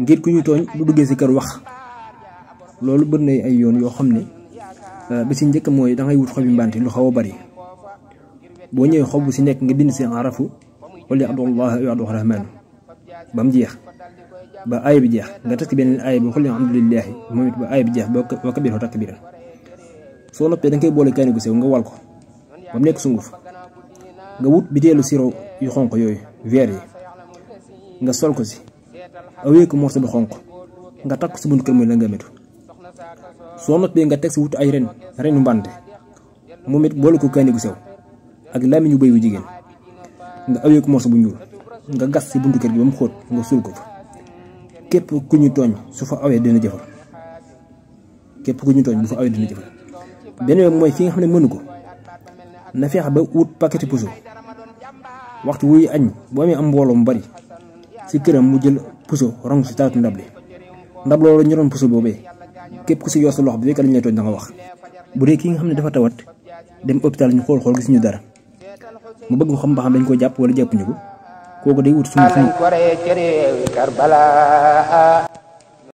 ngir ku ñu tooñ bu duggee si kër wax loolu bër na ay yoon yoo xam ne euh, bi si njëkk mooy dangay wut xobi mbante lu xaw a bari boo ñëwee xob bu si nekk nga bind si arafu wala abdullah wa abdu ba mu jeex ba aay bi jeex nga takk beneen aay bi xul alhamdulillahi moom it ba aay jeex ba wa kabiroo takbiran soo noppee da nga boole kaani gu sew nga wal ko ba mu nekk sunguf nga wut biteelu siro yu xonq yooyu veer yi nga sol ko si awi ko morso bu xonko nga tak si bunt kër la nga metu soo be nga tek su wut ay ren ren mbante bande momit bol ko kani gu sew ak ñu beuy wu jigen nga awee ko morso bu ñuur nga gas ci buntu kër gi ba nga sul ko kep ku ñu togn su fa awé dina jëfal kep ku ñu togn bu fa awé dina jëfal beneen moy fi nga xamne mënu ko na fex ba wut paquet puso waxtu wuy agni bo mi am bari si këram mu jël puso rong si taatu ndab li ndab loolu ñu doon puso boobee képp ku si yor sa loxo bi fekk lañ tooñ da nga wax. bu dee kii nga xam ne dafa tawat dem hôpital ñu xool xool gis ñu dara mu bëgg xam ba dañ ko jàpp wala jàppuñu ko kooku day wut suñu suñu.